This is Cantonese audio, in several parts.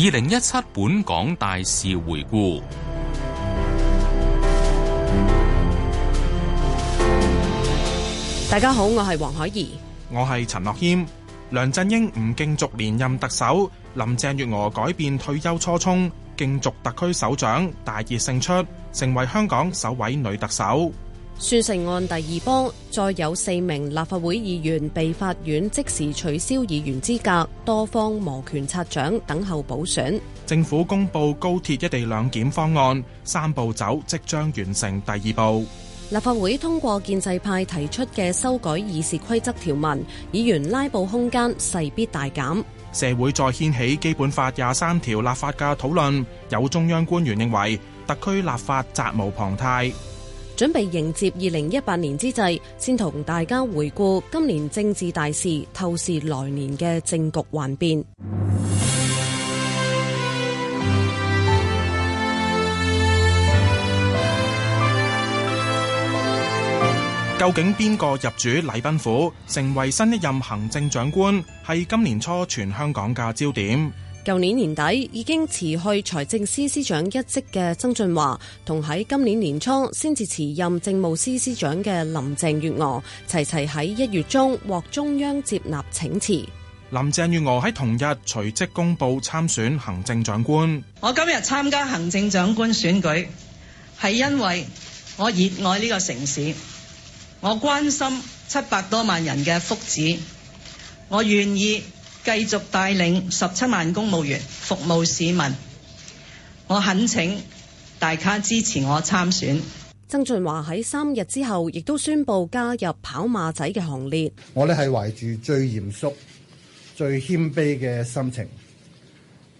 二零一七本港大事回顧。大家好，我係黃海怡，我係陳樂謙。梁振英唔競逐連任特首，林鄭月娥改變退休初衷，競逐特區首長，大熱勝出，成為香港首位女特首。宣誓案第二波，再有四名立法會議員被法院即時取消議員資格，多方摩拳擦掌等候補選。政府公布高鐵一地兩檢方案，三步走即將完成第二步。立法會通過建制派提出嘅修改議事規則條文，議員拉布空間勢必大減。社會再掀起《基本法》廿三條立法嘅討論，有中央官員認為特區立法責無旁貸。準備迎接二零一八年之際，先同大家回顧今年政治大事，透視來年嘅政局幻變。究竟邊個入主禮賓府，成為新一任行政長官，係今年初全香港嘅焦點。舊年年底已經辭去財政司司長一職嘅曾俊華，同喺今年年初先至辭任政務司司長嘅林鄭月娥，齊齊喺一月中獲中央接納請辭。林鄭月娥喺同日隨即公布參選行政長官。我今日參加行政長官選舉，係因為我熱愛呢個城市，我關心七百多萬人嘅福祉，我願意。繼續帶領十七萬公務員服務市民，我懇請大家支持我參選。曾俊華喺三日之後亦都宣布加入跑馬仔嘅行列。我咧係懷住最嚴肅最謙卑嘅心情，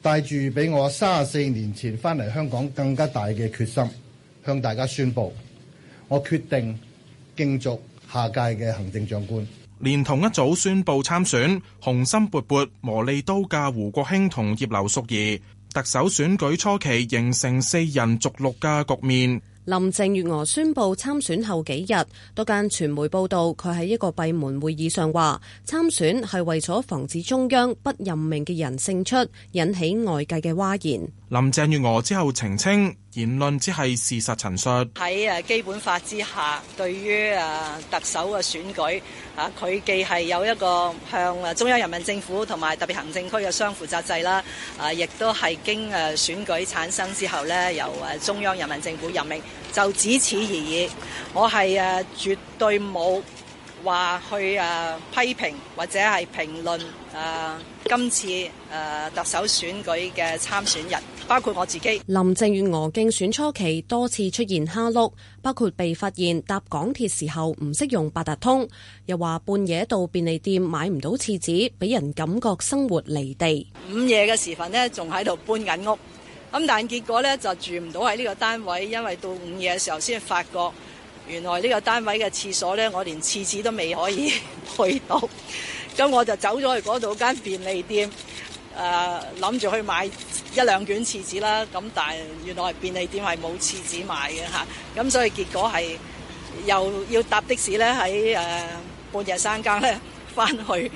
帶住俾我三十四年前翻嚟香港更加大嘅決心，向大家宣布，我決定競逐下屆嘅行政長官。連同一組宣布參選，雄心勃勃、磨利刀嘅胡國興同葉劉淑儀，特首選舉初期形成四人逐鹿嘅局面。林鄭月娥宣布參選後幾日，多間傳媒報道佢喺一個閉門會議上話，參選係為咗防止中央不任命嘅人勝出，引起外界嘅嘩然。林鄭月娥之後澄清言論只係事實陳述，喺誒基本法之下，對於誒特首嘅選舉啊，佢既係有一個向中央人民政府同埋特別行政區嘅雙負責制啦，啊，亦都係經誒選舉產生之後咧，由誒中央人民政府任命，就只此而已。我係誒絕對冇話去誒批評或者係評論誒、呃、今次誒、呃、特首選舉嘅參選人。包括我自己，林鄭月娥競選初期多次出現蝦碌，包括被發現搭港鐵時候唔識用八達通，又話半夜到便利店買唔到廁紙，俾人感覺生活離地。午夜嘅時分呢，仲喺度搬緊屋，咁但結果呢，就住唔到喺呢個單位，因為到午夜嘅時候先發覺，原來呢個單位嘅廁所呢，我連廁紙都未可以去到，咁我就走咗去嗰度間便利店。誒諗住去買一兩卷廁紙啦，咁但係原來便利店係冇廁紙賣嘅吓，咁所以結果係又要搭的士咧，喺誒半夜三更咧，返去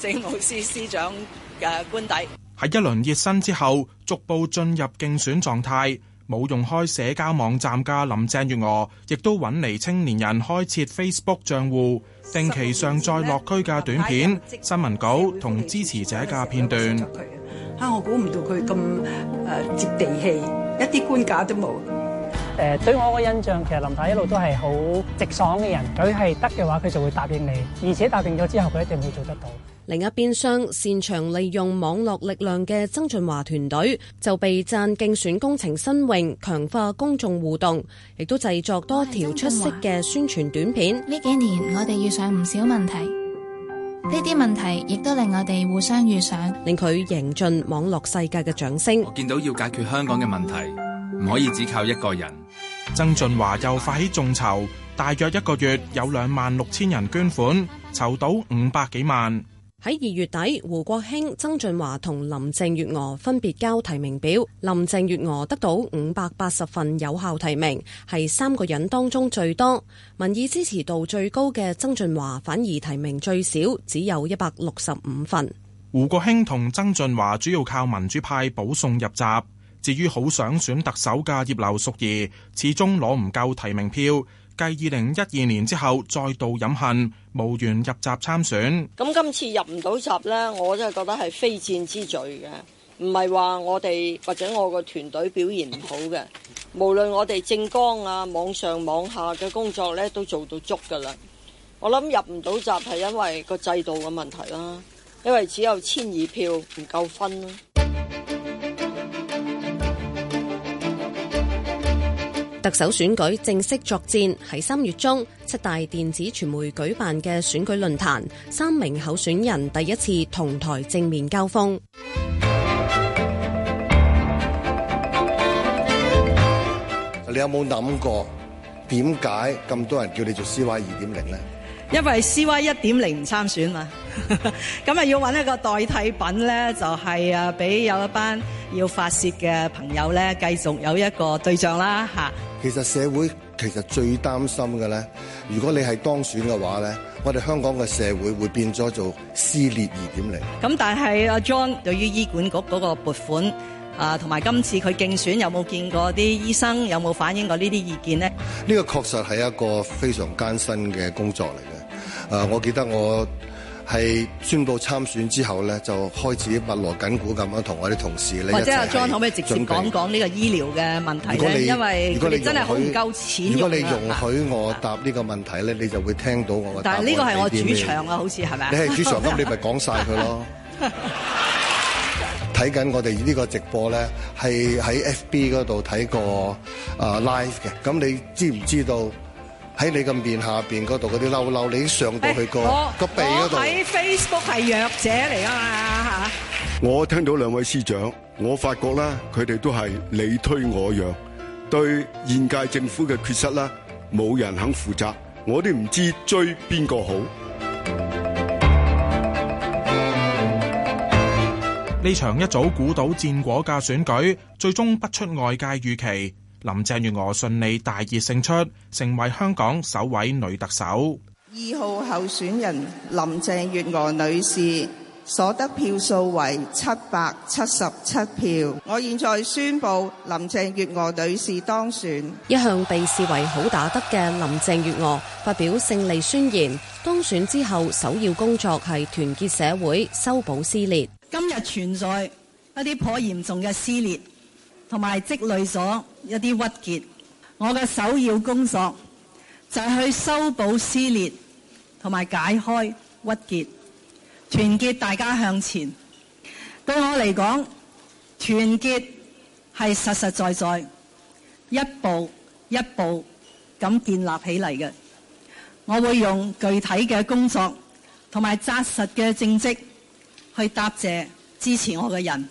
政務司司長嘅官邸。喺一輪熱身之後，逐步進入競選狀態。冇用開社交網站噶林鄭月娥，亦都搵嚟青年人開設 Facebook 賬戶，定期上載落區嘅短片、新聞稿同支持者嘅片段。吓，我估唔到佢咁誒接地氣，一啲官架都冇。誒，對我個印象，其實林太一路都係好直爽嘅人。佢係得嘅話，佢就會答應你，而且答應咗之後，佢一定會做得到。另一邊廂，擅長利用網絡力量嘅曾俊華團隊就被讚競選工程新穎，強化公眾互動，亦都製作多條出色嘅宣傳短片。呢幾年我哋遇上唔少問題，呢啲問題亦都令我哋互相遇上，令佢贏盡網絡世界嘅掌聲。我見到要解決香港嘅問題唔可以只靠一個人。曾俊華又發起眾籌，大約一個月有兩萬六千人捐款，籌到五百幾萬。喺二月底，胡國興、曾俊華同林鄭月娥分別交提名表。林鄭月娥得到五百八十份有效提名，係三個人當中最多。民意支持度最高嘅曾俊華反而提名最少，只有一百六十五份。胡國興同曾俊華主要靠民主派保送入閘，至於好想選特首嘅葉劉淑儀，始終攞唔夠提名票。繼二零一二年之後，再度飲恨無緣入閘參選。咁今次入唔到閘呢，我真係覺得係非戰之罪嘅，唔係話我哋或者我個團隊表現唔好嘅。無論我哋政綱啊，網上網下嘅工作呢，都做到足噶啦。我諗入唔到閘係因為個制度嘅問題啦，因為只有千二票唔夠分。特首選舉正式作戰，喺三月中，七大電子傳媒舉辦嘅選舉論壇，三名候選人第一次同台正面交鋒。你有冇諗過點解咁多人叫你做 CY 二點零咧？因為 CY 一點零唔參選嘛，咁啊要揾一個代替品咧，就係誒俾有一班要發洩嘅朋友咧，繼續有一個對象啦吓。其實社會其實最擔心嘅咧，如果你係當選嘅話咧，我哋香港嘅社會會變咗做撕裂二點零。咁但係阿 John 對於醫管局嗰個撥款啊，同、呃、埋今次佢競選有冇見過啲醫生有冇反映過呢啲意見咧？呢個確實係一個非常艱辛嘅工作嚟嘅、呃。我記得我。係宣布參選之後咧，就開始密羅緊鼓咁樣同我啲同事咧。或者阿 John 可唔可以直接講講呢個醫療嘅問題咧？因為如果你真係好唔夠錢，如果你容許我答呢個問題咧，你就會聽到我嘅。但係呢個係我主場啊，好似係咪？你係主場，咁你咪講晒佢咯。睇緊我哋呢個直播咧，係喺 FB 嗰度睇過 live 嘅。咁你知唔知道？喺你個面下邊嗰度，嗰啲嬲嬲，你已經上到去、嗰個、欸、嗰個鼻度。喺 Facebook 係弱者嚟啊嘛吓！我聽到兩位司長，我發覺啦，佢哋都係你推我讓，對現屆政府嘅缺失啦，冇人肯負責，我都唔知道追邊個好。呢場一早估到戰果嘅選舉，最終不出外界預期。林鄭月娥順利大熱勝出，成為香港首位女特首。二號候選人林鄭月娥女士所得票數為七百七十七票。我現在宣佈林鄭月娥女士當選。一向被視為好打得嘅林鄭月娥發表勝利宣言，當選之後首要工作係團結社會、修補撕裂。今日存在一啲頗嚴重嘅撕裂。同埋積累咗一啲鬱結，我嘅首要工作就係去修補撕裂同埋解開鬱結，團結大家向前。對我嚟講，團結係實實在在、一步一步咁建立起嚟嘅。我會用具體嘅工作同埋扎實嘅政績去答謝支持我嘅人。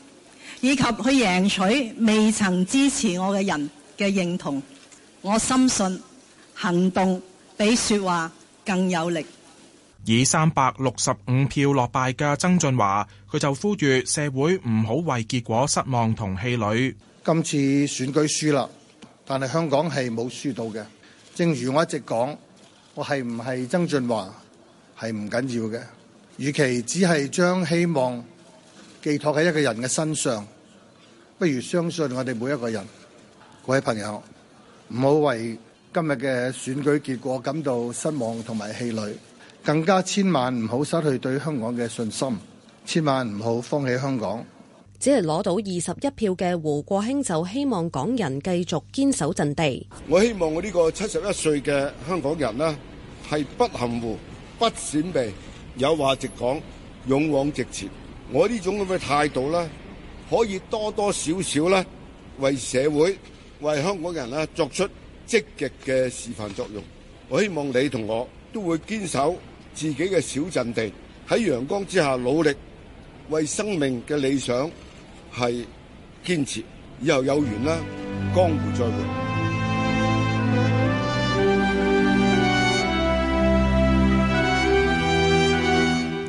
以及去贏取未曾支持我嘅人嘅認同，我深信行動比說話更有力。以三百六十五票落敗嘅曾俊華，佢就呼籲社會唔好為結果失望同氣餒。今次選舉輸啦，但係香港係冇輸到嘅。正如我一直講，我係唔係曾俊華係唔緊要嘅。與其只係將希望，寄托喺一個人嘅身上，不如相信我哋每一個人，各位朋友唔好為今日嘅選舉結果感到失望同埋氣餒，更加千萬唔好失去對香港嘅信心，千萬唔好放棄香港。只係攞到二十一票嘅胡國興就希望港人繼續堅守陣地。我希望我呢個七十一歲嘅香港人呢，係不含糊、不閃避，有話直講，勇往直前。我呢種咁嘅態度咧，可以多多少少咧，為社會、為香港人咧作出積極嘅示範作用。我希望你同我都會堅守自己嘅小陣地，喺陽光之下努力，為生命嘅理想係堅持。以後有緣啦，江湖再會。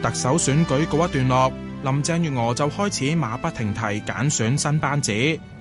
特首選舉告一段落。林鄭月娥就開始馬不停蹄揀選新班子，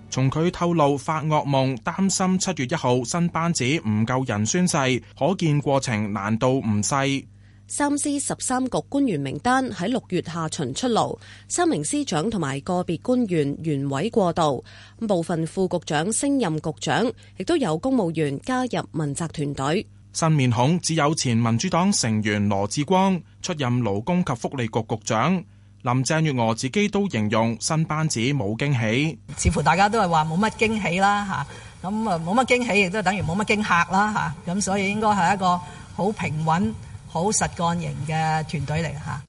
從佢透露發噩夢，擔心七月一號新班子唔夠人宣誓，可見過程難度唔細。三司十三局官員名單喺六月下旬出爐，三名司長同埋個別官員原位過渡，部分副局長升任局長，亦都有公務員加入問責團隊。新面孔只有前民主黨成員羅致光出任勞工及福利局局長。林鄭月娥自己都形容新班子冇驚喜，似乎大家都係話冇乜驚喜啦吓，咁啊冇乜驚喜亦都等於冇乜驚嚇啦吓，咁所以應該係一個好平穩、好實幹型嘅團隊嚟吓。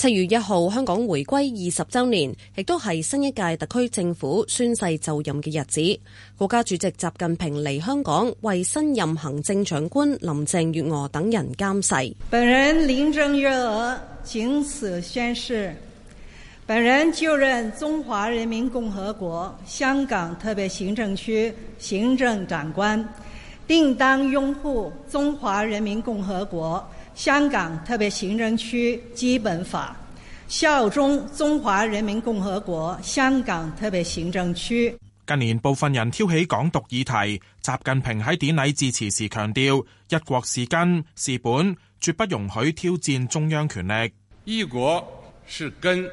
七月一號，香港回歸二十周年，亦都係新一屆特區政府宣誓就任嘅日子。國家主席習近平嚟香港為新任行政長官林鄭月娥等人監誓。本人林鄭月娥謹此宣誓，本人就任中華人民共和國香港特別行政區行政長官，定當擁護中華人民共和國。香港特別行政區基本法，效忠中華人民共和國香港特別行政區。近年，部分人挑起港獨議題。習近平喺典禮致辭時強調：“一國是根是本，絕不容許挑戰中央權力。”一國是根，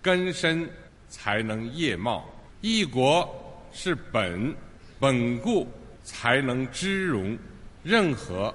根深才能葉茂；一國是本，本固才能枝榮。任何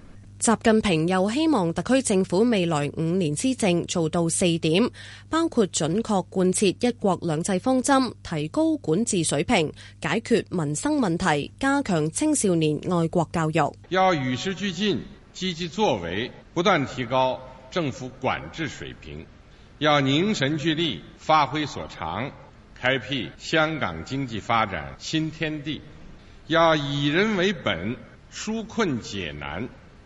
習近平又希望特區政府未來五年施政做到四點，包括準確貫徹一國兩制方針，提高管治水平，解決民生問題，加強青少年愛國教育。要與時俱進，積極作為，不斷提高政府管治水平；要凝神聚力，發揮所長，開闢香港經濟發展新天地；要以人為本，紓困解難。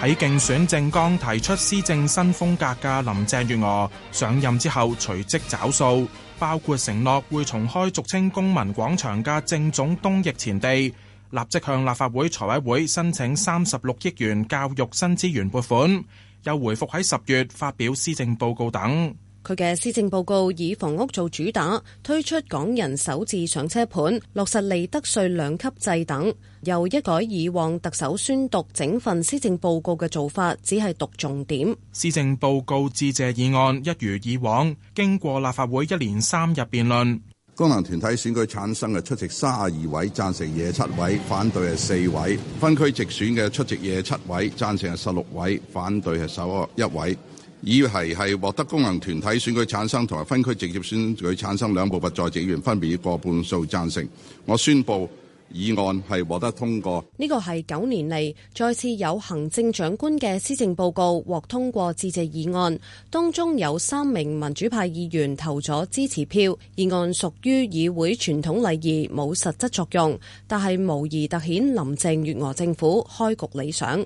喺競選政綱提出施政新風格嘅林鄭月娥上任之後，隨即找數，包括承諾會重開俗稱公民廣場嘅政總東翼前地，立即向立法會財委會申請三十六億元教育新資源撥款，又回復喺十月發表施政報告等。佢嘅施政報告以房屋做主打，推出港人首置上車盤，落實利得稅兩級制等，又一改以往特首宣讀整份施政報告嘅做法，只係讀重點。施政報告致謝議案一如以往，經過立法會一連三日辯論。功能團體選舉產生嘅出席三十二位，贊成廿七位，反對係四位。分區直選嘅出席廿七位，贊成係十六位，反對係十一位。以係係獲得功能團體選舉產生同埋分區直接選舉產生兩部份在席議員分別過半數贊成，我宣布議案係獲得通過。呢個係九年嚟再次有行政長官嘅施政報告獲通過致謝議案，當中有三名民主派議員投咗支持票，議案屬於議會傳統禮儀，冇實質作用，但係無疑突顯林鄭月娥政府開局理想。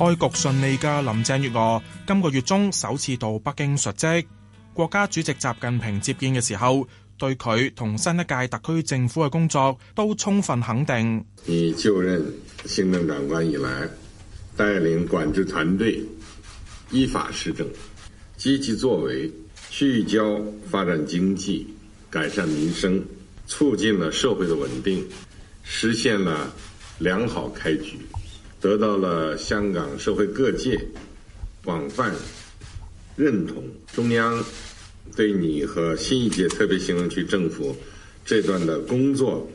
開局順利嘅林鄭月娥，今個月中首次到北京述職，國家主席習近平接見嘅時候，對佢同新一屆特區政府嘅工作都充分肯定。你就任行政長官以來，帶領管治團隊依法施政，積極作為，聚焦發展經濟、改善民生，促進了社會的穩定，實現了良好開局。得到了香港社會各界廣泛認同，中央對你和新一屆特別行政區政府這段的工作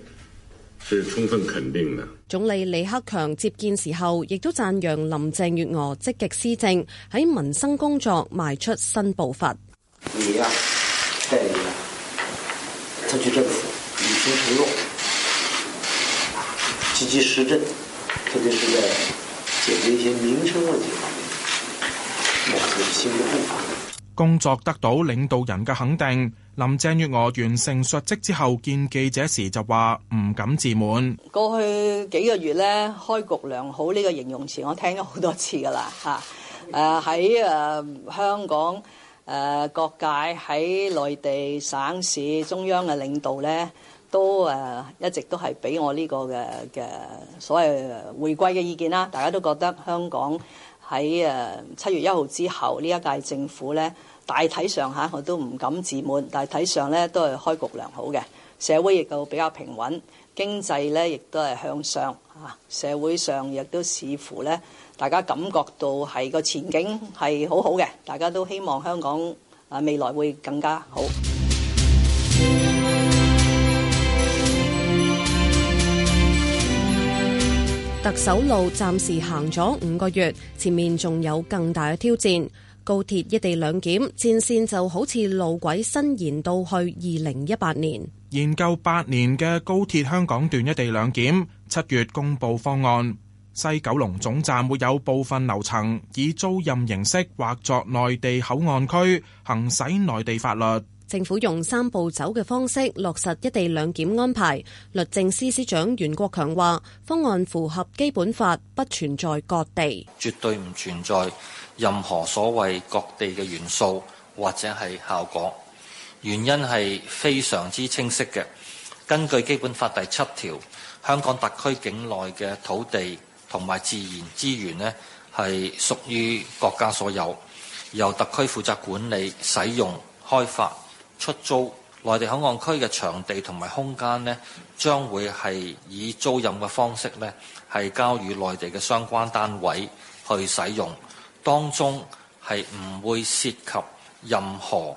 是充分肯定的。總理李克強接見時候，亦都讚揚林鄭月娥積極施政，喺民生工作邁出新步伐。你呀，你呀，特區政府已經承諾，積極施政。特別是在解決一些民生問題，邁出新的步伐。工作得到領導人嘅肯定。林鄭月娥完成述職之後，見記者時就話唔敢自滿。過去幾個月呢，開局良好呢個形容詞，我聽咗好多次㗎喇吓。誒喺誒香港誒各界，喺內地省市中央嘅領導呢。都誒一直都係俾我呢個嘅嘅所謂回歸嘅意見啦，大家都覺得香港喺誒七月一號之後呢一屆政府咧大體上吓我都唔敢自滿，大體上咧都係開局良好嘅，社會亦都比較平穩，經濟咧亦都係向上啊，社會上亦都似乎咧大家感覺到係個前景係好好嘅，大家都希望香港啊未來會更加好。特首路暫時行咗五個月，前面仲有更大嘅挑戰。高鐵一地兩檢戰線就好似路軌伸延到去二零一八年。研究八年嘅高鐵香港段一地兩檢，七月公布方案。西九龍總站會有部分樓層以租賃形式劃作內地口岸區，行使內地法律。政府用三步走嘅方式落實一地兩檢安排。律政司司長袁國強話，方案符合基本法，不存在割地，絕對唔存在任何所謂割地嘅元素或者係效果。原因係非常之清晰嘅。根據基本法第七條，香港特區境內嘅土地同埋自然資源呢，係屬於國家所有，由特區負責管理、使用、開發。出租內地口岸區嘅場地同埋空間呢，將會係以租賃嘅方式呢，係交予內地嘅相關單位去使用，當中係唔會涉及任何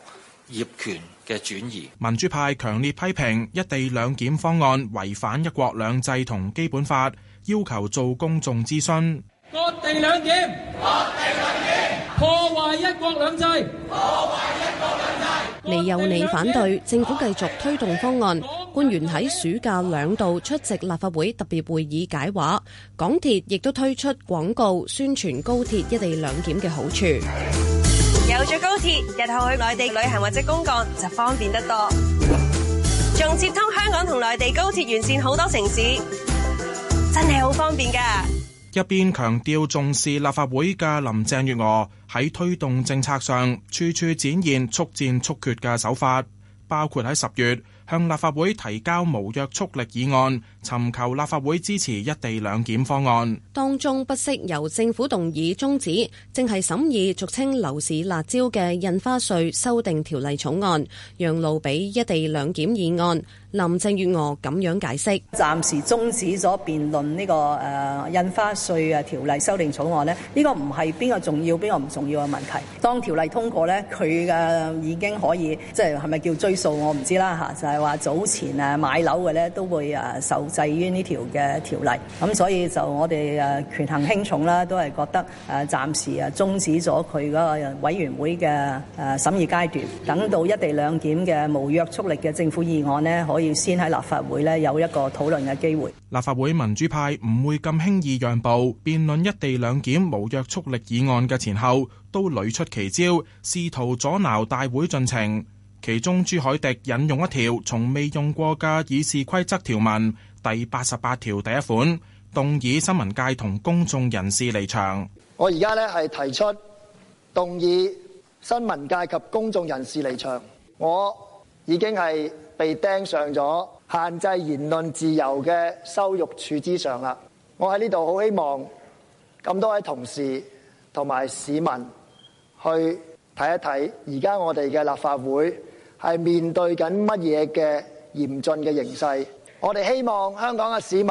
業權嘅轉移。民主派強烈批評一地兩檢方案違反一國兩制同基本法，要求做公眾諮詢。一地兩檢，一地兩檢。破壞一國兩制，破壞一國兩制。你有你反對，政府繼續推動方案。港港官員喺暑假兩度出席立法會特別會議解話，港鐵亦都推出廣告宣傳高鐵一地兩檢嘅好處。有咗高鐵，日後去內地旅行或者公幹就方便得多。仲接通香港同內地高鐵沿線好多城市，真係好方便噶。一邊強調重視立法會嘅林鄭月娥喺推動政策上處處展現速戰速決嘅手法，包括喺十月向立法會提交無約束力議案，尋求立法會支持一地兩檢方案，當中不惜由政府動議終止，正係審議俗稱樓市辣椒嘅印花稅修訂條例草案，讓路俾一地兩檢議案。林鄭月娥咁樣解釋：暫時終止咗辯論呢個誒、啊、印花稅嘅條例修訂草案呢、呢個唔係邊個重要邊個唔重要嘅問題。當條例通過呢，佢嘅已經可以即係係咪叫追溯我唔知啦吓，就係、是、話早前誒買樓嘅咧都會誒受。制於呢條嘅條例，咁所以就我哋誒權衡輕重啦，都係覺得誒暫時啊中止咗佢嗰個委員會嘅誒審議階段，等到一地兩檢嘅無約束力嘅政府議案咧，可以先喺立法會咧有一個討論嘅機會。立法會民主派唔會咁輕易讓步，辯論一地兩檢無約束力議案嘅前後都屢出奇招，試圖阻撓大會進程。其中朱凱廸引用一條從未用過嘅議事規則條文，第八十八條第一款，動議新聞界同公眾人士離場。我而家咧係提出動議新聞界及公眾人士離場。我已經係被釘上咗限制言論自由嘅羞辱柱之上啦。我喺呢度好希望咁多位同事同埋市民去睇一睇，而家我哋嘅立法會。係面對緊乜嘢嘅嚴峻嘅形勢？我哋希望香港嘅市民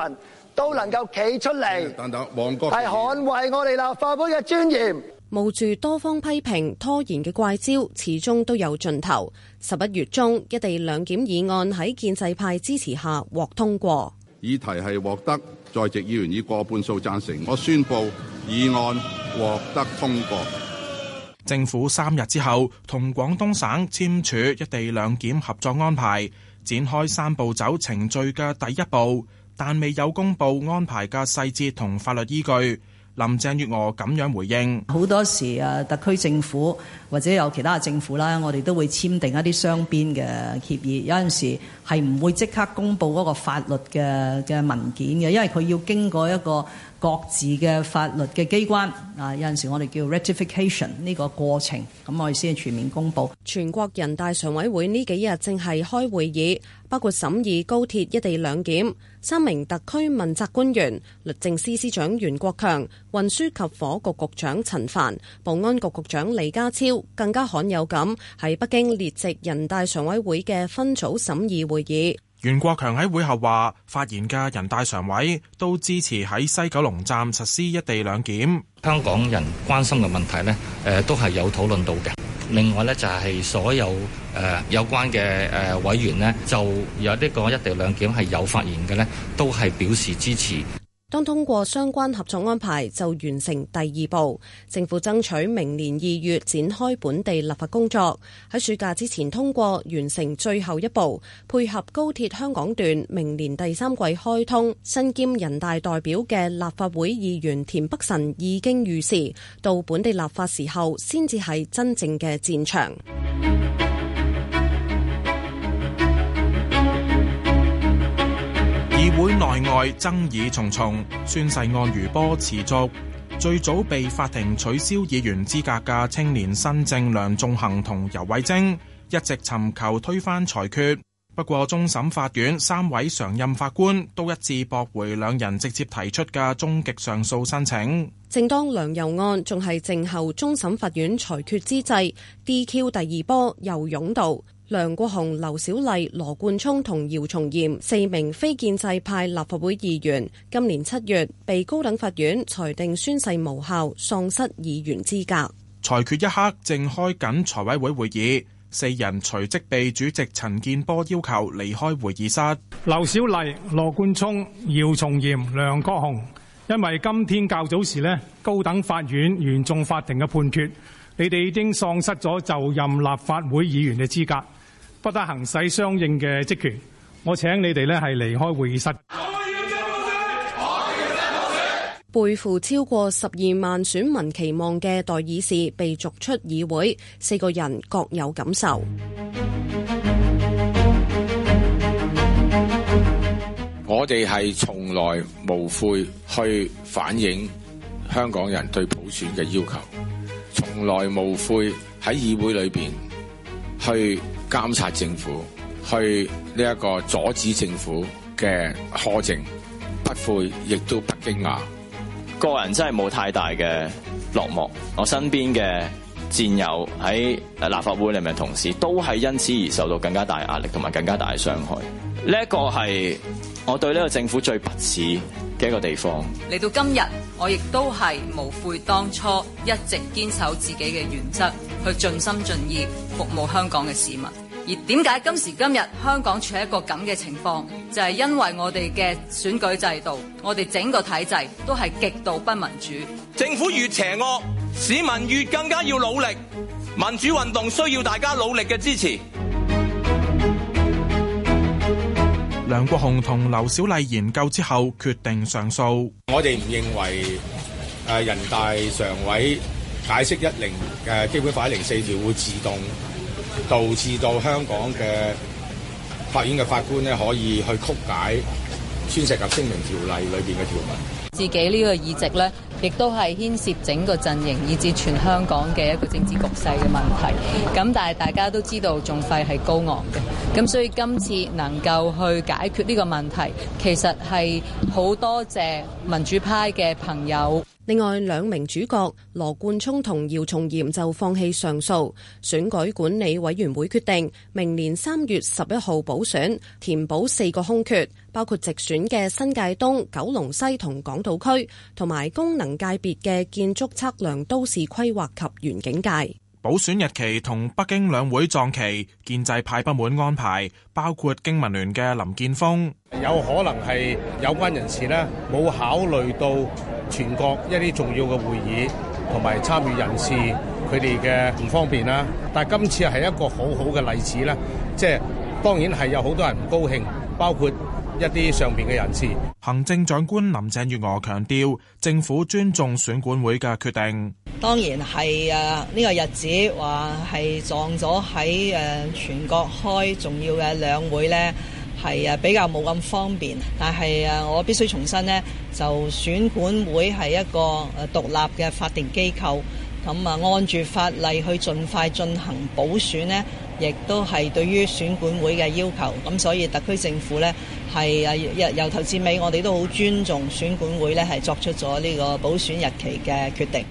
都能夠企出嚟，係捍衛我哋立法會嘅尊嚴。冒住多方批評、拖延嘅怪招，始終都有盡頭。十一月中，一地兩檢議案喺建制派支持下獲通過。議題係獲得在席議員以過半數贊成，我宣布議案獲得通過。政府三日之後同廣東省簽署一地兩檢合作安排，展開三步走程序嘅第一步，但未有公布安排嘅細節同法律依據。林鄭月娥咁樣回應：好多時誒，特區政府或者有其他嘅政府啦，我哋都會簽訂一啲雙邊嘅協議，有陣時係唔會即刻公布嗰個法律嘅嘅文件嘅，因為佢要經過一個。各自嘅法律嘅機關啊，有陣時我哋叫 ratification 呢個過程，咁我哋先係全面公布。全國人大常委會呢幾日正係開會議，包括審議高鐵一地兩檢，三名特區問責官員，律政司司長袁國強、運輸及火局局長陳帆、保安局局長李家超，更加罕有咁喺北京列席人大常委會嘅分組審議會議。袁國強喺會後話，發言嘅人大常委都支持喺西九龍站實施一地兩檢。香港人關心嘅問題呢，誒都係有討論到嘅。另外呢，就係所有誒有關嘅誒委員呢，就有呢個一地兩檢係有發言嘅呢，都係表示支持。當通過相關合作安排就完成第二步，政府爭取明年二月展開本地立法工作，喺暑假之前通過，完成最後一步，配合高鐵香港段明年第三季開通。身兼人大代表嘅立法會議員田北辰已經預示，到本地立法時候先至係真正嘅戰場。會內外爭議重重，宣誓案餘波持續。最早被法庭取消議員資格嘅青年新政梁頌恆同游蕙禎，一直尋求推翻裁決。不過終審法院三位常任法官都一致駁回兩人直接提出嘅終極上訴申請。正當梁游案仲係靜候終審法院裁決之際，DQ 第二波又湧到。梁國雄、劉小麗、羅冠聰同姚松炎四名非建制派立法會議員，今年七月被高等法院裁定宣誓無效，喪失議員資格。裁決一刻正開緊財委會會議，四人隨即被主席陳建波要求離開會議室。劉小麗、羅冠聰、姚松炎、梁國雄，因為今天較早時呢，高等法院原訟法庭嘅判決，你哋已經喪失咗就任立法會議員嘅資格。不得行使相應嘅職權，我請你哋咧係離開會議室。背負超過十二萬選民期望嘅代議士被逐出議會，四個人各有感受。 我哋係從來無悔去反映香港人對普選嘅要求，從來無悔喺議會裏邊去。監察政府，去呢一個阻止政府嘅苛政，不悔亦都不驚訝。個人真係冇太大嘅落寞。我身邊嘅戰友喺立法會裏面嘅同事，都係因此而受到更加大壓力同埋更加大嘅傷害。呢一個係我對呢個政府最不齒嘅一個地方，嚟到今日，我亦都係無悔當初，一直堅守自己嘅原則，去盡心盡意服務香港嘅市民。而點解今時今日香港處喺一個咁嘅情況？就係、是、因為我哋嘅選舉制度，我哋整個體制都係極度不民主。政府越邪惡，市民越更加要努力。民主運動需要大家努力嘅支持。梁國雄同劉小麗研究之後，決定上訴。我哋唔認為誒人大常委解釋一零誒基本法一零四條會自動導致到香港嘅法院嘅法官咧可以去曲解宣誓及聲明條例裏邊嘅條文。自己呢個議席咧。亦都係牽涉整個陣營，以至全香港嘅一個政治局勢嘅問題。咁但係大家都知道，仲費係高昂嘅。咁所以今次能夠去解決呢個問題，其實係好多謝民主派嘅朋友。另外，兩名主角羅冠聰同姚松炎就放棄上訴，選舉管理委員會決定明年三月十一號補選，填補四個空缺，包括直選嘅新界東、九龍西同港島區，同埋功能界別嘅建築測量、都市規劃及園景界。補選日期同北京兩會撞期，建制派不滿安排，包括經民聯嘅林建峰，有可能係有關人士呢冇，考慮到全國一啲重要嘅會議同埋參與人士佢哋嘅唔方便啦。但係今次係一個很好好嘅例子啦，即係當然係有好多人唔高興，包括。一啲上面嘅人士，行政長官林鄭月娥強調，政府尊重選管會嘅決定。當然係啊，呢個日子話係撞咗喺誒全國開重要嘅兩會咧，係啊比較冇咁方便。但係啊，我必須重申咧，就選管會係一個誒獨立嘅法定機構，咁啊按住法例去盡快進行補選咧。亦都係對於選管會嘅要求，咁所以特區政府呢，係啊，由頭至尾，我哋都好尊重選管會呢係作出咗呢個補選日期嘅決定。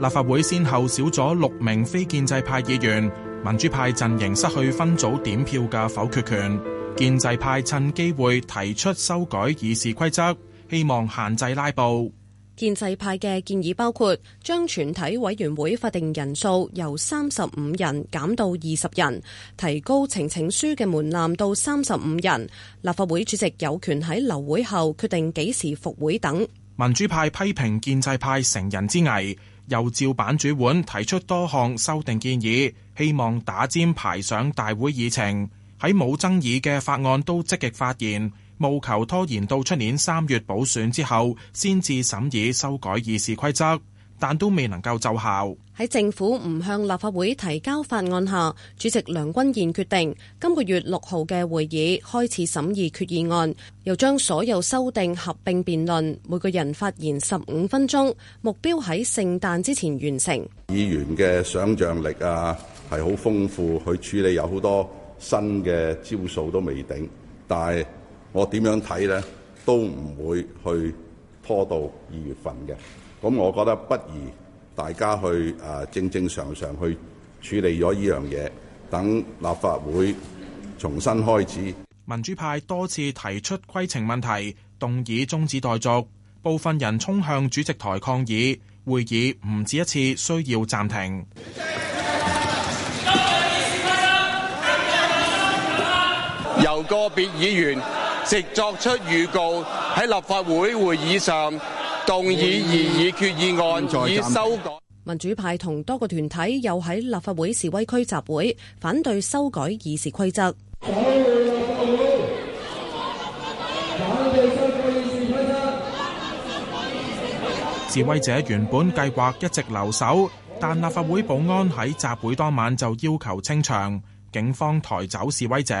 立法會先後少咗六名非建制派議員，民主派陣營失去分組點票嘅否決權，建制派趁機會提出修改議事規則，希望限制拉布。建制派嘅建議包括將全體委員會法定人數由三十五人減到二十人，提高呈請書嘅門檻到三十五人，立法會主席有權喺留會後決定幾時復會等。民主派批評建制派成人之危，又照板煮碗提出多項修訂建議，希望打尖排上大會議程，喺冇爭議嘅法案都積極發言。務求拖延到出年三月補選之後，先至審議修改議事規則，但都未能夠奏效。喺政府唔向立法會提交法案下，主席梁君彥決定今個月六號嘅會議開始審議決議案，又將所有修訂合併辯論，每個人發言十五分鐘，目標喺聖誕之前完成。議員嘅想象力啊，係好豐富，去處理有好多新嘅招數都未定，但係。我點樣睇呢？都唔會去拖到二月份嘅。咁我覺得不如大家去啊，正正常常去處理咗呢樣嘢，等立法會重新開始。民主派多次提出規程問題，動議中止待續，部分人衝向主席台抗議，會議唔止一次需要暫停。由個別議員直作出預告，喺立法會會議上動議議已決議案以修改。民主派同多個團體又喺立法會示威區集會，反對修改議事規則。示威者原本計劃一直留守，但立法會保安喺集會當晚就要求清場，警方抬走示威者。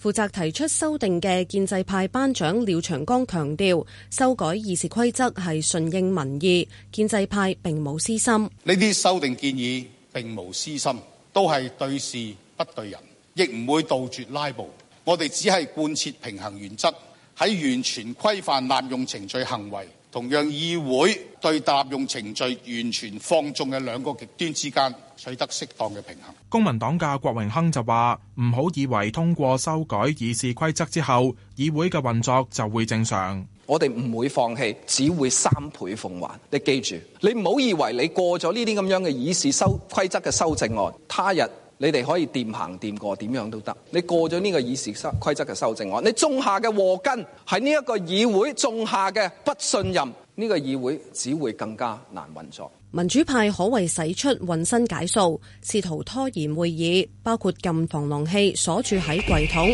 負責提出修訂嘅建制派班長廖長江強調，修改議事規則係順應民意，建制派並冇私心。呢啲修訂建議並冇私心，都係對事不對人，亦唔會杜絕拉布。我哋只係貫徹平衡原則，喺完全規範濫用程序行為，同樣議會對濫用程序完全放縱嘅兩個極端之間。取得適當嘅平衡。公民黨嘅郭榮鏗就話：唔好以為通過修改議事規則之後，議會嘅運作就會正常。我哋唔會放棄，只會三倍奉還。你記住，你唔好以為你過咗呢啲咁樣嘅議事規則嘅修正案，他日你哋可以掂行掂過，點樣都得。你過咗呢個議事規則嘅修正案，你種下嘅禍根喺呢一個議會種下嘅不信任，呢個議會只會更加難運作。民主派可謂使出渾身解數，試圖拖延會議，包括禁防狼器鎖住喺櫃桶，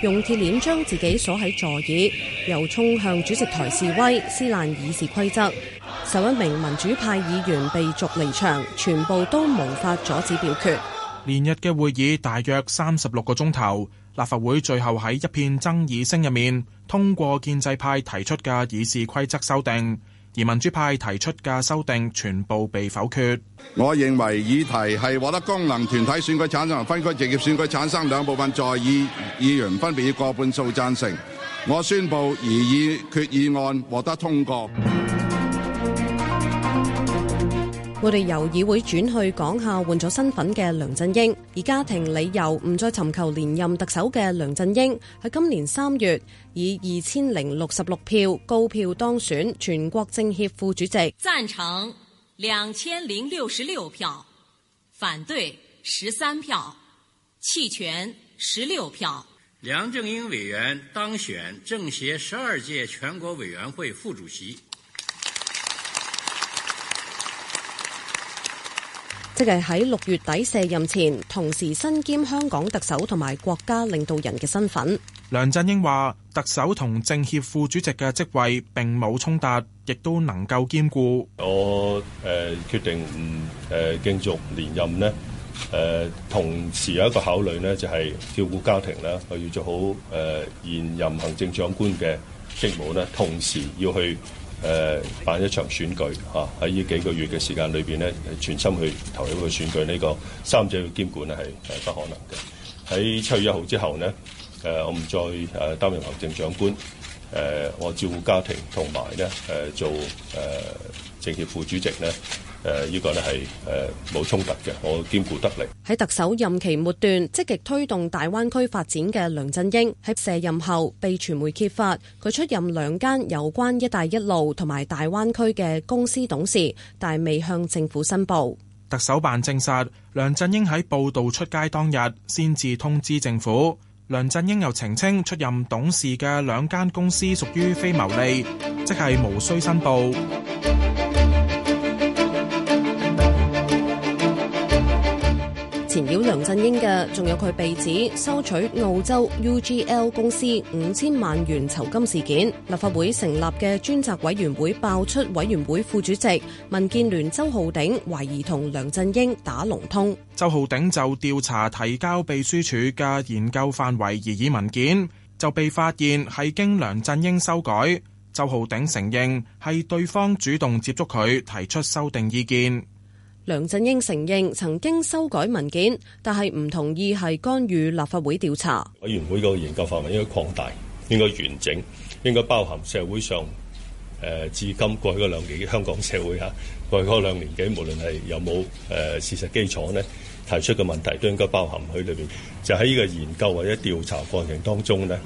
用鐵鏈將自己鎖喺座椅，又衝向主席台示威，撕爛議事規則。十一名民主派議員被逐離場，全部都無法阻止表決。連日嘅會議大約三十六個鐘頭，立法會最後喺一片爭議聲入面通過建制派提出嘅議事規則修訂。而民主派提出嘅修訂全部被否決。我認為議題係獲得功能團體選舉產生、分區直接選舉產生兩部分，在議議員分別要過半數贊成，我宣布而議決議案獲得通過。我哋由議會轉去講下換咗身份嘅梁振英，而家庭理由唔再尋求連任特首嘅梁振英，喺今年三月，以二千零六十六票高票當選全國政協副主席，贊成兩千零六十六票，反對十三票，棄權十六票。梁振英委員當選政協十二屆全國委員會副主席，即係喺六月底卸任前，同時身兼香港特首同埋國家領導人嘅身份。梁振英話，特首同政協副主席嘅職位並冇衝突，亦都能夠兼顧。我誒、呃、決定唔誒繼續連任呢誒、呃，同時有一個考慮呢就係照顧家庭啦。我要做好誒、呃、現任行政長官嘅職務呢，同時要去誒、呃、辦一場選舉吓。喺、啊、呢幾個月嘅時間裏邊呢，全心去投入去選舉呢、呢個三者要兼顧呢係不可能嘅。喺七月一號之後呢。誒，我唔再誒擔任行政長官。我照顧家庭同埋咧，做、呃、政協副主席呢，呢、呃這個咧係誒冇衝突嘅，我兼顧得嚟。喺特首任期末段，積極推動大灣區發展嘅梁振英喺卸任後被傳媒揭發，佢出任兩間有關「一帶一路」同埋大灣區嘅公司董事，但未向政府申報。特首辦證實，梁振英喺報道出街當日先至通知政府。梁振英又澄清，出任董事嘅兩間公司屬於非牟利，即係無需申報。纏繞梁振英嘅，仲有佢被指收取澳洲 UGL 公司五千萬元酬金事件。立法會成立嘅專責委員會爆出，委員會副主席民建聯周浩鼎懷疑同梁振英打龍通。周浩鼎就調查提交秘書處嘅研究範圍擬議文件，就被發現係經梁振英修改。周浩鼎承認係對方主動接觸佢提出修訂意見。梁振英承認曾經修改文件，但係唔同意係干預立法會調查。委員會個研究範圍應該擴大，應該完整，應該包含社會上誒、呃、至今過去嗰兩年香港社會吓過去嗰兩年幾，無論係有冇誒、呃、事實基礎咧，提出嘅問題都應該包含喺裏邊。就喺、是、呢個研究或者調查過程當中咧。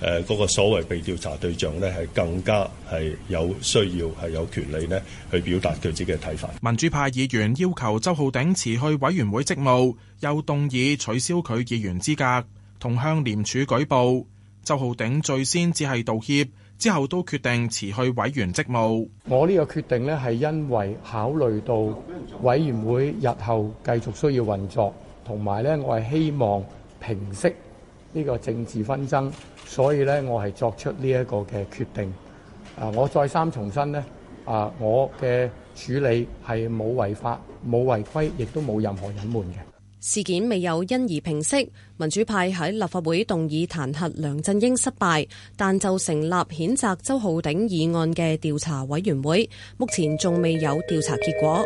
誒嗰、呃那個所謂被調查對象呢，係更加係有需要係有權利呢去表達佢自己嘅睇法。民主派議員要求周浩鼎辭去委員會職務，又動議取消佢議員資格，同向廉署舉報。周浩鼎最先只係道歉，之後都決定辭去委員職務。我呢個決定呢，係因為考慮到委員會日後繼續需要運作，同埋呢，我係希望平息。呢個政治紛爭，所以咧，我係作出呢一個嘅決定。啊，我再三重申咧，啊，我嘅處理係冇違法、冇違規，亦都冇任何隱瞞嘅。事件未有因而平息，民主派喺立法會動議彈劾梁振英失敗，但就成立譴責周浩鼎議案嘅調查委員會，目前仲未有調查結果。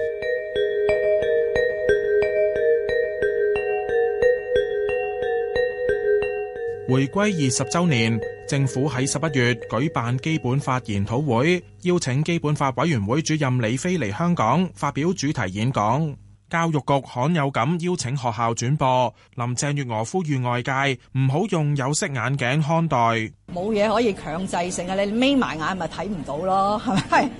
回歸二十周年，政府喺十一月舉辦基本法研討會，邀請基本法委員會主任李飛嚟香港發表主題演講。教育局罕有咁邀請學校轉播，林鄭月娥呼籲外界唔好用有色眼鏡看待。冇嘢可以強制性呀，你眯埋眼咪睇唔到咯，係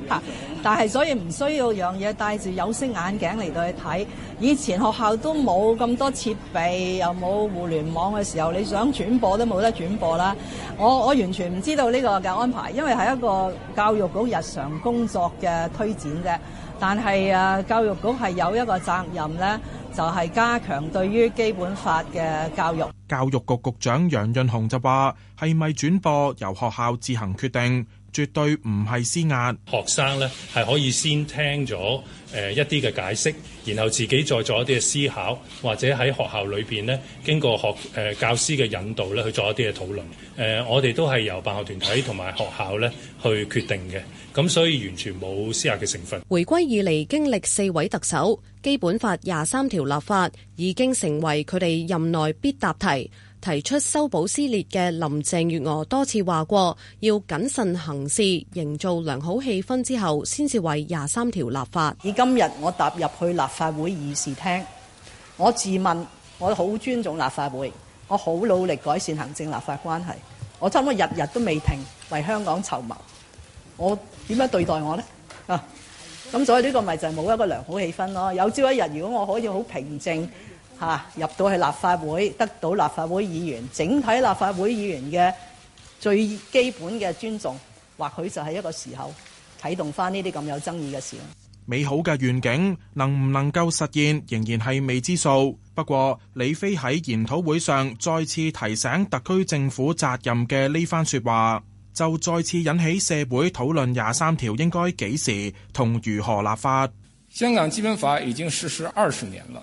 咪？ 但係所以唔需要樣嘢戴住有色眼鏡嚟到去睇。以前學校都冇咁多設備，又冇互聯網嘅時候，你想轉播都冇得轉播啦。我我完全唔知道呢個嘅安排，因為係一個教育局日常工作嘅推展啫。但係啊，教育局係有一個責任咧，就係加強對於基本法嘅教育。教育局局長楊潤雄就話，係咪轉播，由學校自行決定。絕對唔係施壓。學生呢係可以先聽咗誒一啲嘅解釋，然後自己再做一啲嘅思考，或者喺學校裏面呢經過學誒教師嘅引導咧去做一啲嘅討論。誒，我哋都係由辦學團體同埋學校咧去決定嘅，咁所以完全冇施壓嘅成分。回歸以嚟經歷四位特首，基本法廿三條立法已經成為佢哋任內必答題。提出修補撕裂嘅林鄭月娥多次話過，要謹慎行事，營造良好氣氛之後，先至為廿三條立法。而今日我踏入去立法會議事廳，我自問我好尊重立法會，我好努力改善行政立法關係，我差唔多日日都未停為香港籌謀。我點樣對待我呢？啊！咁所以呢個咪就係冇一個良好氣氛咯。有朝一日，如果我可以好平靜。入到去立法會，得到立法會議員，整體立法會議員嘅最基本嘅尊重，或許就係一個時候啟動翻呢啲咁有爭議嘅事。美好嘅願景能唔能夠實現，仍然係未知數。不過李飛喺研討會上再次提醒特區政府責任嘅呢番說話，就再次引起社會討論廿三條應該幾時同如何立法。香港基本法已經實施二十年了。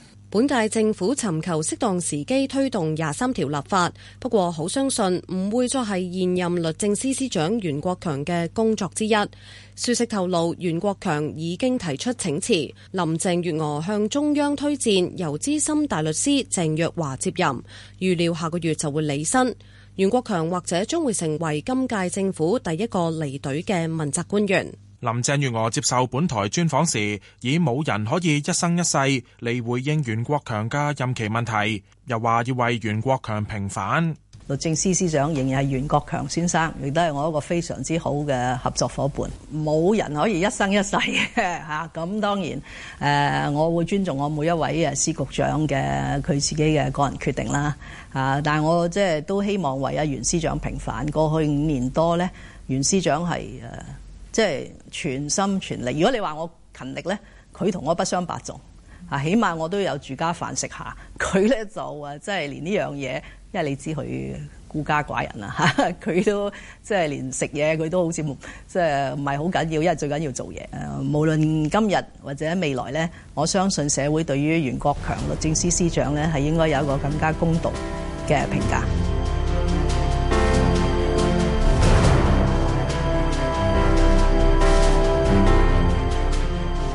本屆政府尋求適當時機推動廿三條立法，不過好相信唔會再係現任律政司司長袁國強嘅工作之一。消息透露，袁國強已經提出請辭，林鄭月娥向中央推薦由資深大律師鄭若驊接任，預料下個月就會履新。袁國強或者將會成為今屆政府第一個離隊嘅問責官員。林鄭月娥接受本台專訪時，以冇人可以一生一世嚟回應袁國強嘅任期問題，又話要為袁國強平反。律政司司長仍然係袁國強先生，亦都係我一個非常之好嘅合作伙伴。冇人可以一生一世嘅吓，咁、啊、當然誒、啊，我會尊重我每一位誒司局長嘅佢自己嘅個人決定啦、啊。但係我即係、啊啊啊、都希望為阿袁司長平反。過去五年多呢，袁司長係誒。啊即係全心全力。如果你話我勤力咧，佢同我不相伯仲。啊，起碼我都有住家飯食下。佢咧就誒，即係連呢樣嘢，因為你知佢孤家寡人啦嚇，佢都即係連食嘢佢都好似冇，即係唔係好緊要，因為最緊要做嘢。無論今日或者未來咧，我相信社會對於袁國強律政司司長咧，係應該有一個更加公道嘅評價。